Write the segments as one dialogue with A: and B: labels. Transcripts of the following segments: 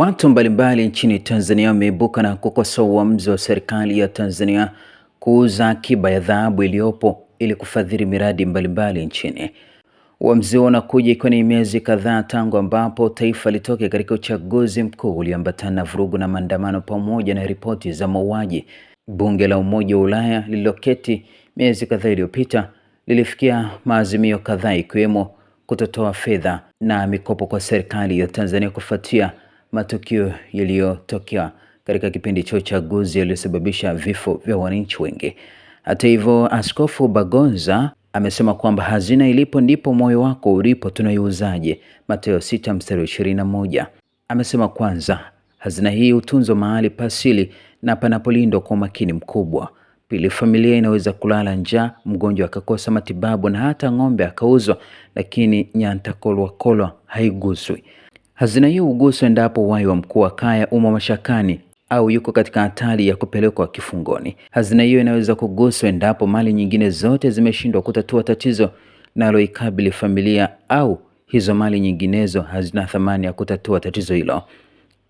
A: Watu mbalimbali nchini Tanzania wameibuka na kukosoa uamuzi wa serikali ya Tanzania kuuza akiba ya dhahabu iliyopo ili kufadhili miradi mbalimbali nchini. Uamuzi huo unakuja ikiwa ni miezi kadhaa tangu ambapo taifa litoke katika uchaguzi mkuu ulioambatana na vurugu na maandamano pamoja na ripoti za mauaji. Bunge la Umoja wa Ulaya lililoketi miezi kadhaa iliyopita lilifikia maazimio kadhaa ikiwemo kutotoa fedha na mikopo kwa serikali ya Tanzania kufuatia matukio yaliyotokea katika kipindi cha uchaguzi yaliyosababisha vifo vya wananchi wengi. Hata hivyo, Askofu Bagonza amesema kwamba hazina ilipo ndipo moyo wako ulipo, tunaiuzaje? Mateo 6 mstari 21. Amesema kwanza, hazina hii hutunzwa mahali pasili na panapolindwa kwa umakini mkubwa. Pili, familia inaweza kulala njaa, mgonjwa akakosa matibabu na hata ng'ombe akauzwa, lakini nyantakolwakolwa haiguswi. Hazina hiyo huguswa endapo uhai wa mkuu wa kaya umo mashakani au yuko katika hatari ya kupelekwa kifungoni. Hazina hiyo inaweza kuguswa endapo mali nyingine zote zimeshindwa kutatua tatizo naloikabili familia au hizo mali nyinginezo hazina thamani ya kutatua tatizo hilo.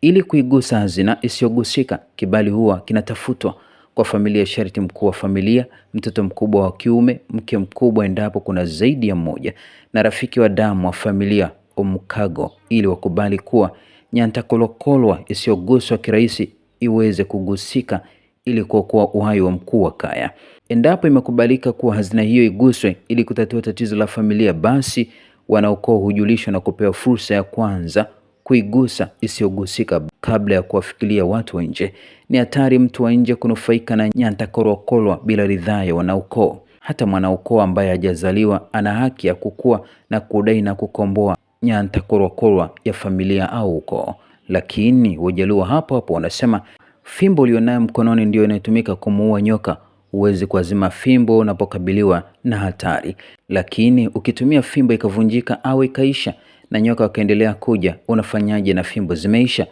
A: Ili kuigusa hazina isiyogusika, kibali huwa kinatafutwa kwa familia, sharti mkuu wa familia, mtoto mkubwa wa kiume, mke mkubwa endapo kuna zaidi ya mmoja, na rafiki wa damu wa familia Omukago ili wakubali kuwa Nyantakolokolwa isiyoguswa kirahisi iweze kugusika ili kuokoa uhai wa mkuu wa kaya. Endapo imekubalika kuwa hazina hiyo iguswe ili kutatua tatizo la familia, basi wanaukoo hujulishwa na kupewa fursa ya kwanza kuigusa isiyogusika kabla ya kuwafikilia watu wa nje. Ni hatari mtu wa nje kunufaika na Nyantakolokolwa bila ridhaa ya wanaukoo. Hata mwanaukoo ambaye hajazaliwa ana haki ya kukua na kudai na kukomboa Nyantakorwakorwa ya familia au ukoo. Lakini Wajaluo hapo hapo wanasema fimbo ulionayo mkononi ndio inayotumika kumuua nyoka. Huwezi kuazima fimbo unapokabiliwa na hatari, lakini ukitumia fimbo ikavunjika au ikaisha na nyoka wakaendelea kuja, unafanyaje na fimbo zimeisha?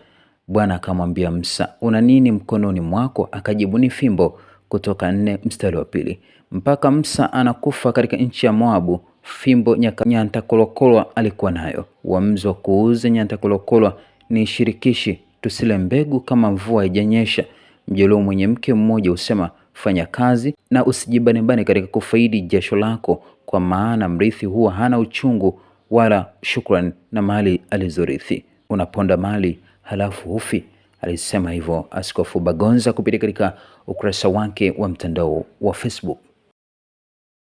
A: Bwana akamwambia Musa, una nini mkononi mwako? Akajibu, ni fimbo. Kutoka nne mstari wa pili. Mpaka Musa anakufa katika nchi ya Moabu, fimbo Nyantakolokolwa alikuwa nayo. Uamuzi wa kuuza Nyantakolokolwa ni shirikishi, tusile mbegu kama mvua haijanyesha. Mjaluo mwenye mke mmoja husema fanya kazi na usijibanibani katika kufaidi jasho lako, kwa maana mrithi huwa hana uchungu wala shukrani na mali alizorithi. Unaponda mali halafu hufi. Alisema hivyo Askofu Bagonza kupitia katika ukurasa wake wa mtandao wa Facebook.